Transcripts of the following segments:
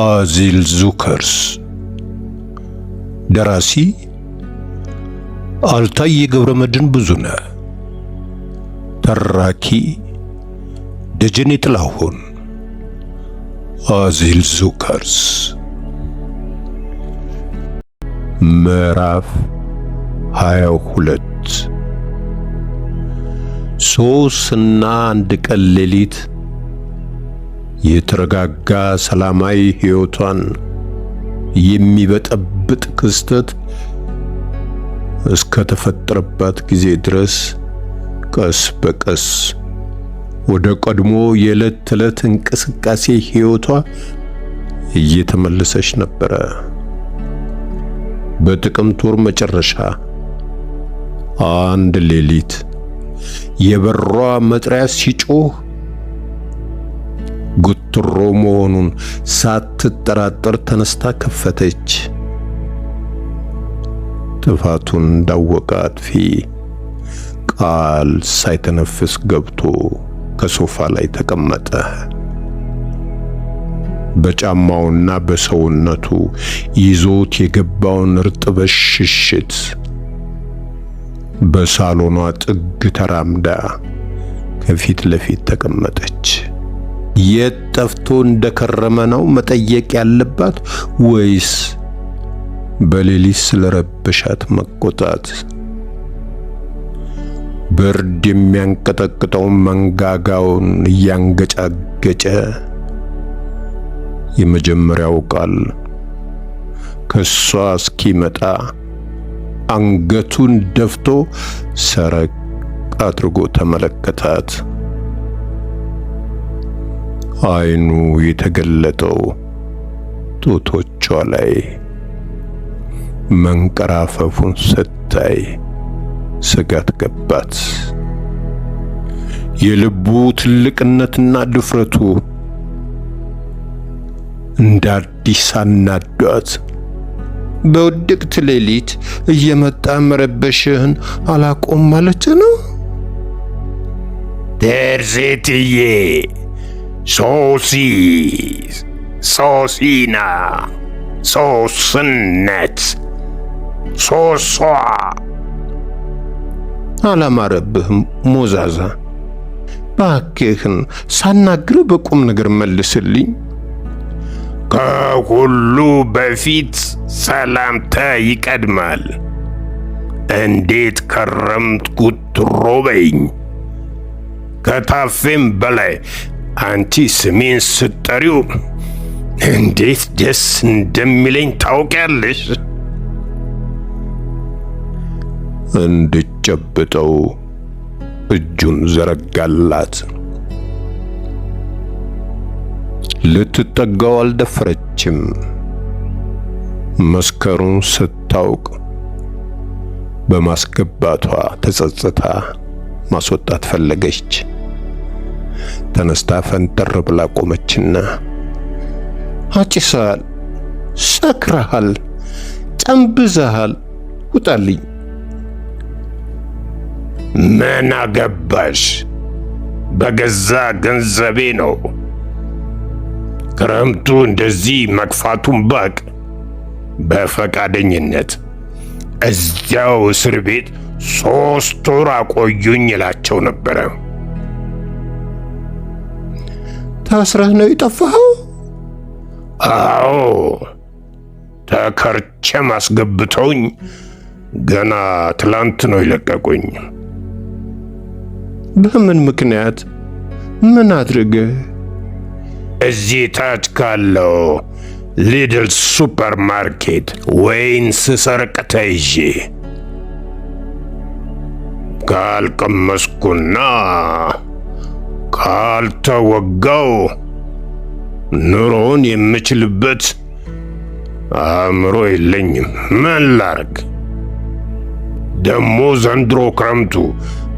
አዚል ዙከርስ ደራሲ አልታየ አልታይ የገብረመድህን ብዙነህ ተራኪ ደጀኔ ጥላሁን አዚል ዙከርስ ምዕራፍ 22 ሶስት እና አንድ ቀን ሌሊት የተረጋጋ ሰላማዊ ሕይወቷን የሚበጠብጥ ክስተት እስከተፈጠረባት ጊዜ ድረስ ቀስ በቀስ ወደ ቀድሞ የዕለት ተዕለት እንቅስቃሴ ሕይወቷ እየተመለሰች ነበረ። በጥቅምት ወር መጨረሻ አንድ ሌሊት የበሯ መጥሪያ ሲጮህ ጉትሮ መሆኑን ሳትጠራጠር ተነስታ ከፈተች። ጥፋቱን እንዳወቀ አጥፊ ቃል ሳይተነፍስ ገብቶ ከሶፋ ላይ ተቀመጠ። በጫማውና በሰውነቱ ይዞት የገባውን እርጥበት ሽሽት በሳሎኗ ጥግ ተራምዳ ከፊት ለፊት ተቀመጠች። የት ጠፍቶ እንደከረመ ነው መጠየቅ ያለባት ወይስ በሌሊት ስለረበሻት መቆጣት? ብርድ የሚያንቀጠቅጠውን መንጋጋውን እያንገጫገጨ የመጀመሪያው ቃል ከሷ እስኪመጣ አንገቱን ደፍቶ ሰረቅ አድርጎ ተመለከታት። አይኑ የተገለጠው ጡቶቿ ላይ መንቀራፈፉን ስታይ ስጋት ገባት። የልቡ ትልቅነትና ድፍረቱ እንደ አዲስ አናዷት። በውድቅት ሌሊት እየመጣ መረበሽህን አላቆም ማለት ነው ደርዜትዬ! ሶሲስ፣ ሶሲና፣ ሶስነት፣ ሶሷ። አላማረብህም ሞዛዛ? ባክህን ሳናግርህ በቁም ነገር መልስልኝ። ከሁሉ በፊት ሰላምታ ይቀድማል። እንዴት ከረምት ጉትሮ ከታፌም በላይ አንቺ ስሜን ስትጠሪው እንዴት ደስ እንደሚለኝ ታውቂያለሽ። እንድጨብጠው እጁን ዘረጋላት። ልትጠጋው አልደፈረችም። መስከሩን ስታውቅ በማስገባቷ ተጸጽታ ማስወጣት ፈለገች። ተነስታ ፈንጠር ብላ ቆመችና አጭሰሃል፣ ሰክረሃል፣ ጠንብዘሃል፣ ውጣልኝ። ምን አገባሽ? በገዛ ገንዘቤ ነው። ክረምቱ እንደዚህ መክፋቱን ባቅ በፈቃደኝነት እዚያው እስር ቤት ሦስት ወር አቆዩኝ ይላቸው ነበረ። ታስረህ ነው የጠፋኸው? አዎ ተከርቼም አስገብተውኝ ገና ትላንት ነው ይለቀቁኝ። በምን ምክንያት? ምን አድርገ? እዚህ ታች ካለው ሊድል ሱፐር ማርኬት ወይን ስሰርቅ ተይዤ ካልቀመስኩና ካልተወጋው ኑሮውን የምችልበት አእምሮ የለኝም። ምን ላርግ? ደሞ ዘንድሮ ክረምቱ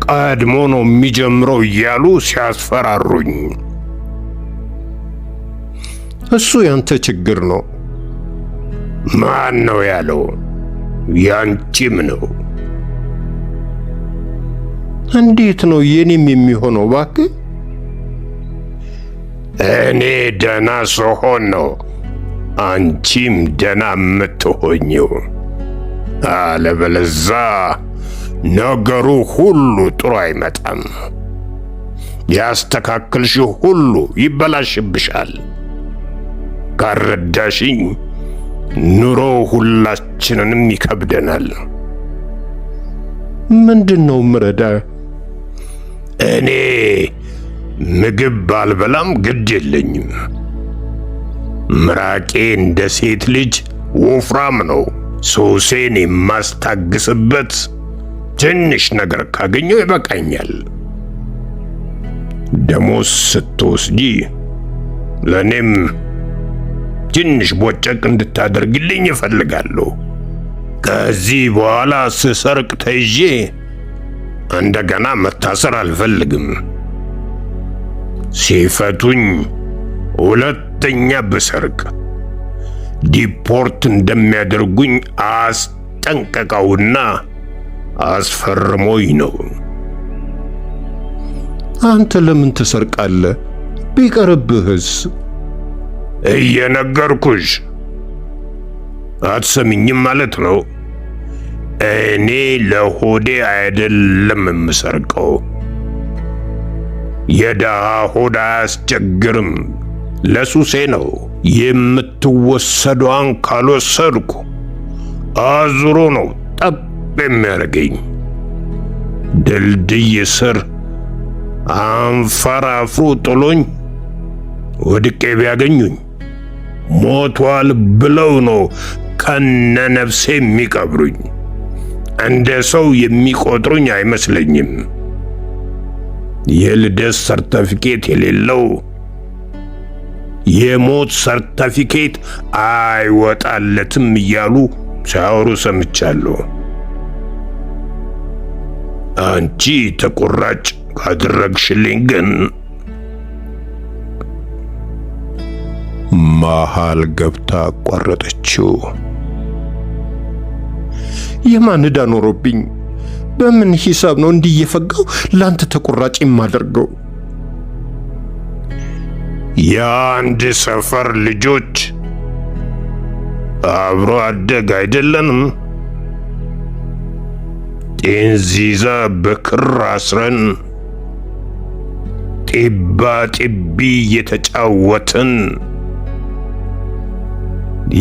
ቀድሞ ነው የሚጀምረው እያሉ ሲያስፈራሩኝ፣ እሱ ያንተ ችግር ነው። ማን ነው ያለው? ያንቺም ነው። እንዴት ነው የኔም የሚሆነው? እባክህ እኔ ደና ስሆን ነው አንቺም ደና የምትሆኝው። አለበለዛ ነገሩ ሁሉ ጥሩ አይመጣም። ያስተካክልሽ ሁሉ ይበላሽብሻል። ካረዳሽኝ ኑሮ ሁላችንንም ይከብደናል። ምንድን ነው ምረዳ እኔ ምግብ ባልበላም ግድ የለኝም። ምራቄ እንደ ሴት ልጅ ወፍራም ነው። ሶሴን የማስታግስበት ትንሽ ነገር ካገኘው ይበቃኛል። ደሞስ ስትወስጂ ለእኔም ትንሽ ቦጨቅ እንድታደርግልኝ እፈልጋለሁ። ከዚህ በኋላ ስሰርቅ ተይዤ እንደገና መታሰር አልፈልግም። ሲፈቱኝ ሁለተኛ ብሰርቅ ዲፖርት እንደሚያደርጉኝ አስጠንቀቀውና አስፈርሞኝ ነው። አንተ ለምን ትሰርቃለ ቢቀርብህስ? እየነገርኩሽ አትሰሚኝም ማለት ነው። እኔ ለሆዴ አይደለም የምሰርቀው የድሃ ሆድ አያስቸግርም። ለሱሴ ነው የምትወሰዷን ካልወሰድኩ አዙሮ ነው ጠብ የሚያደርገኝ። ድልድይ ስር አንፈራፍሮ ጥሎኝ ወድቄ ቢያገኙኝ ሞቷል ብለው ነው ከነ ነፍሴ የሚቀብሩኝ። እንደ ሰው የሚቆጥሩኝ አይመስለኝም። የልደት ሰርተፊኬት የሌለው የሞት ሰርተፊኬት አይወጣለትም እያሉ ሲያወሩ ሰምቻለሁ። አንቺ ተቆራጭ ካደረግሽልኝ ግን መሃል ገብታ አቋረጠችው። የማን ዕዳ ኖሮብኝ በምን ሂሳብ ነው እንዲህ እየፈጋው ላንተ ተቆራጭ የማደርገው? የአንድ ሰፈር ልጆች አብሮ አደግ አይደለንም? ጤንዚዛ በክር አስረን ጢባ ጢቢ እየተጫወትን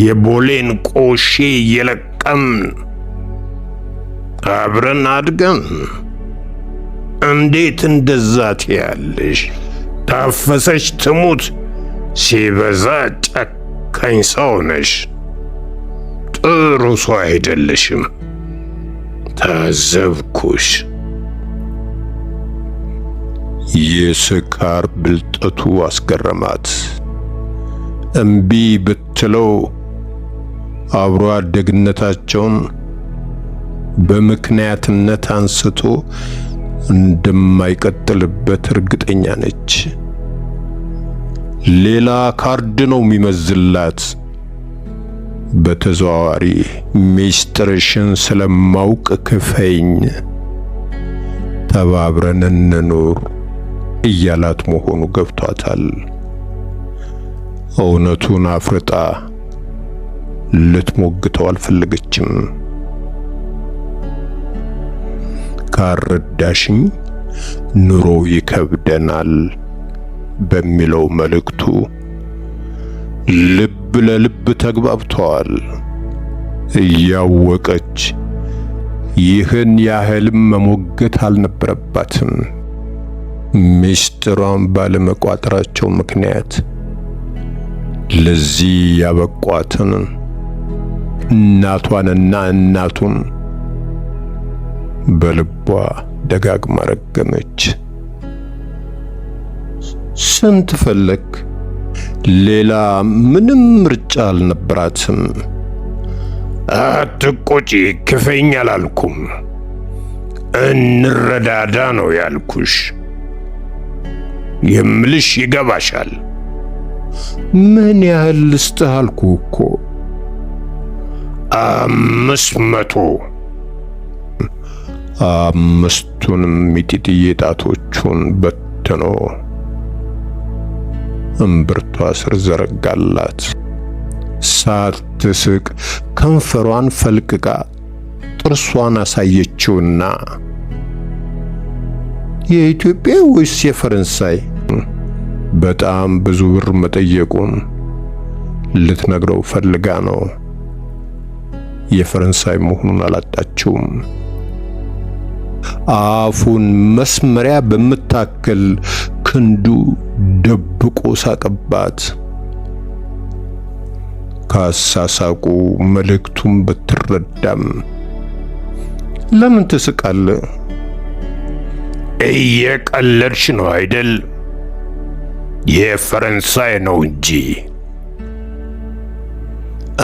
የቦሌን ቆሼ እየለቀምን አብረን አድገን እንዴት እንደዛ ትያለሽ? ታፈሰች ትሙት፣ ሲበዛ ጨካኝ ሰው ነሽ፣ ጥሩ ሰው አይደለሽም። ታዘብኩሽ። የስካር ብልጠቱ አስገረማት። እምቢ ብትለው አብሮ አደግነታቸውን በምክንያትነት አንስቶ እንደማይቀጥልበት እርግጠኛ ነች። ሌላ ካርድ ነው የሚመዝላት። በተዘዋዋሪ ሚስጥርሽን ስለማውቅ ክፈኝ፣ ተባብረን እንኑር እያላት መሆኑ ገብቷታል። እውነቱን አፍርጣ ልትሞግተው አልፈለገችም። ካልረዳሽኝ ኑሮ ይከብደናል በሚለው መልእክቱ ልብ ለልብ ተግባብተዋል። እያወቀች ይህን ያህልም መሞገት አልነበረባትም። ሚስጥሯን ባለመቋጠራቸው ምክንያት ለዚህ ያበቋትን እናቷንና እናቱን በልቧ ደጋግማ ረገመች። ስንት ፈለክ? ሌላ ምንም ምርጫ አልነበራትም። አትቆጪ፣ ክፈኝ አላልኩም፣ እንረዳዳ ነው ያልኩሽ። የምልሽ ይገባሻል። ምን ያህል ልስጥህ አልኩ እኮ። አምስት መቶ አምስቱንም ሚጢጥዬ ጣቶቹን በትኖ እምብርቷ ስር ዘረጋላት። ሳትስቅ ከንፈሯን ፈልቅቃ ጥርሷን አሳየችውና የኢትዮጵያ ወይስ የፈረንሳይ በጣም ብዙ ብር መጠየቁን ልትነግረው ፈልጋ ነው። የፈረንሳይ መሆኑን አላጣችውም። አፉን መስመሪያ በምታክል ክንዱ ደብቆ ሳቀባት። ካሳሳቁ መልእክቱን ብትረዳም ለምን ትስቃለ? እየቀለድሽ ነው አይደል? የፈረንሳይ ነው እንጂ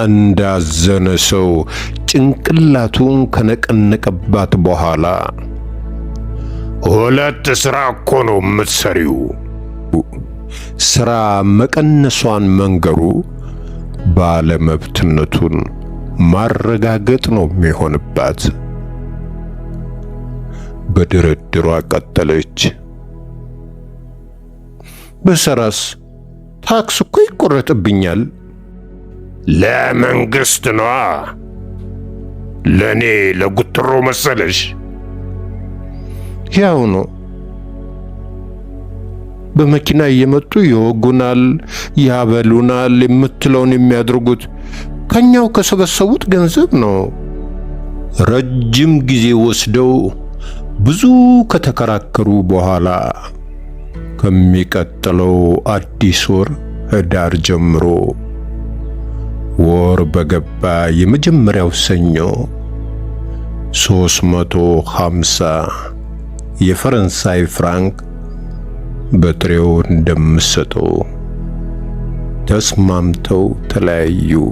እንዳዘነ ሰው ጭንቅላቱን ከነቀነቀባት በኋላ ሁለት ሥራ እኮ ነው የምትሰሪው፣ ሥራ መቀነሷን መንገሩ ባለመብትነቱን ማረጋገጥ ነው የሚሆንባት። በድርድሯ ቀጠለች። በሰራስ ታክስ እኮ ይቆረጥብኛል ለመንግሥት ነዋ። ለእኔ ለጉትሮ መሰለሽ? ያው ነው። በመኪና እየመጡ ይወጉናል፣ ያበሉናል፣ የምትለውን የሚያደርጉት ከኛው ከሰበሰቡት ገንዘብ ነው። ረጅም ጊዜ ወስደው ብዙ ከተከራከሩ በኋላ ከሚቀጥለው አዲስ ወር ህዳር ጀምሮ ወር በገባ የመጀመሪያው ሰኞ 350 የፈረንሳይ ፍራንክ በጥሬው እንደምሰጠው ተስማምተው ተለያዩ።